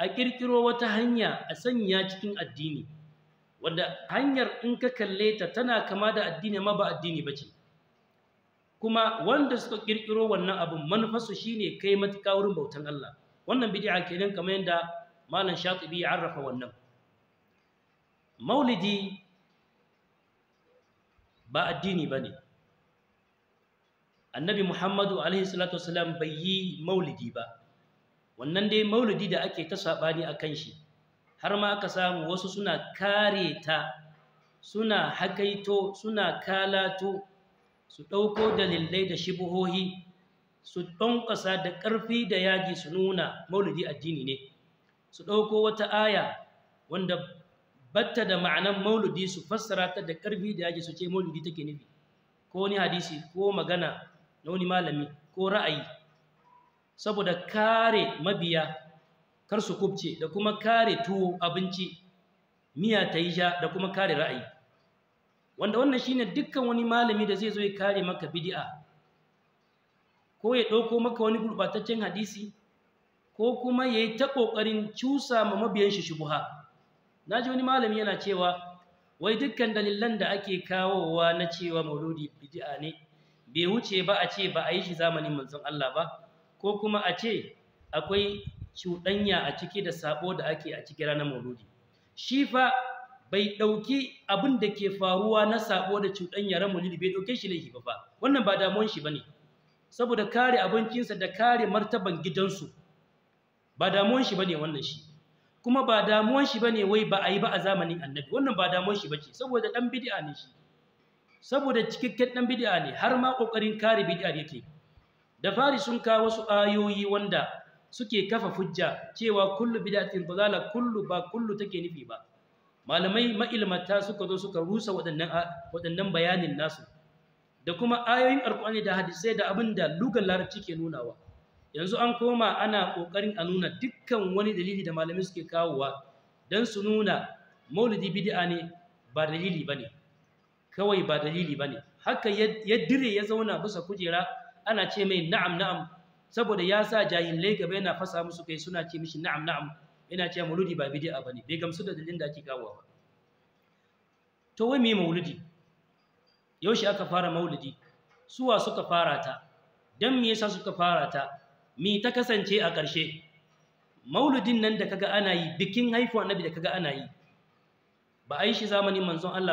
a ƙirƙiro wata hanya a sanya cikin addini wanda hanyar in ka kalle ta tana kama da addini ma ba addini ba ce kuma wanda suka ƙirƙiro wannan abin manufarsu shine kai matuƙa wurin bautan Allah wannan bid'a kenan kamar yadda malam shatibi ya arrafa wannan maulidi ba addini ba ne annabi muhammadu alaihi salatu wasalam bai yi maulidi ba wannan dai maulidi da ake ta saɓani a kan shi har ma aka samu wasu suna kare ta suna hakaito suna kalato su ɗauko dalilai da shibuhohi su ƙasa da ƙarfi da yaji su nuna maulidi addini ne su ɗauko wata aya wanda batta da ma'anan maulidi su fassara ta da ƙarfi da yaji su ce maulidi take nufi ko wani hadisi ko magana na wani malami ko ra'ayi saboda kare mabiya kar su kubce da kuma kare tuwo abinci miya ta yi sha, da kuma kare ra'ayi wanda wannan shine dukkan wani malami da zai zo ya kare maka bid'a ko ya ɗauko maka wani gurɓataccen hadisi ko kuma ya yi ta ƙoƙarin cusa ma mabiyan shi shubuha na ji wani malami yana cewa wai dukkan dalilan da ake kawowa na cewa mauludi bid'a ne bai wuce ba a ce ba a yi shi zamanin manzon Allah ba ko kuma a ce akwai cuɗanya a ciki da sabo da ake a ciki ranar mauludi shi fa bai ɗauki abin da ke faruwa na sabo da cuɗanya ranar mauludi bai ɗauke shi laifi ba fa wannan ba damuwan shi ba ne saboda kare abincinsa da kare martaban gidansu ba damuwan shi ba ne wannan shi kuma ba damuwan shi ba ne wai ba a yi ba a zamanin annabi wannan ba damuwan shi ba ce saboda ɗan bidi'a ne shi saboda cikakken ɗan bidi'a ne har ma ƙoƙarin kare bidi'a yake da fari sun kawo wasu ayoyi wanda suke kafa fujja cewa kullu bid'atin dalala kullu ba kullu take nufi ba malamai ma'ilmata suka zo suka rusa waɗannan waɗannan bayanin nasu da kuma ayoyin alqur'ani da hadisai da abin da lugar larabci ke nunawa yanzu an koma ana ƙoƙarin a nuna dukkan wani dalili da malamai suke kawowa dan su nuna maulidi bid'a ne ba dalili ba kawai ba dalili ba haka ya ya zauna bisa kujera ana ce mai na'am na'am saboda ya sa jahilai gaba yana fasa musu kai suna ce mishi na'am na'am yana ce mauludi ba ba ne bai gamsu da dalilin da ake kawo ba to wai mai mauludi yaushe aka fara mauludi suwa suka fara ta dan me yasa suka fara ta mi ta kasance a ƙarshe mauludin nan da kaga ana yi bikin haifuwa annabi da kaga ana yi ba a shi zamanin manzon Allah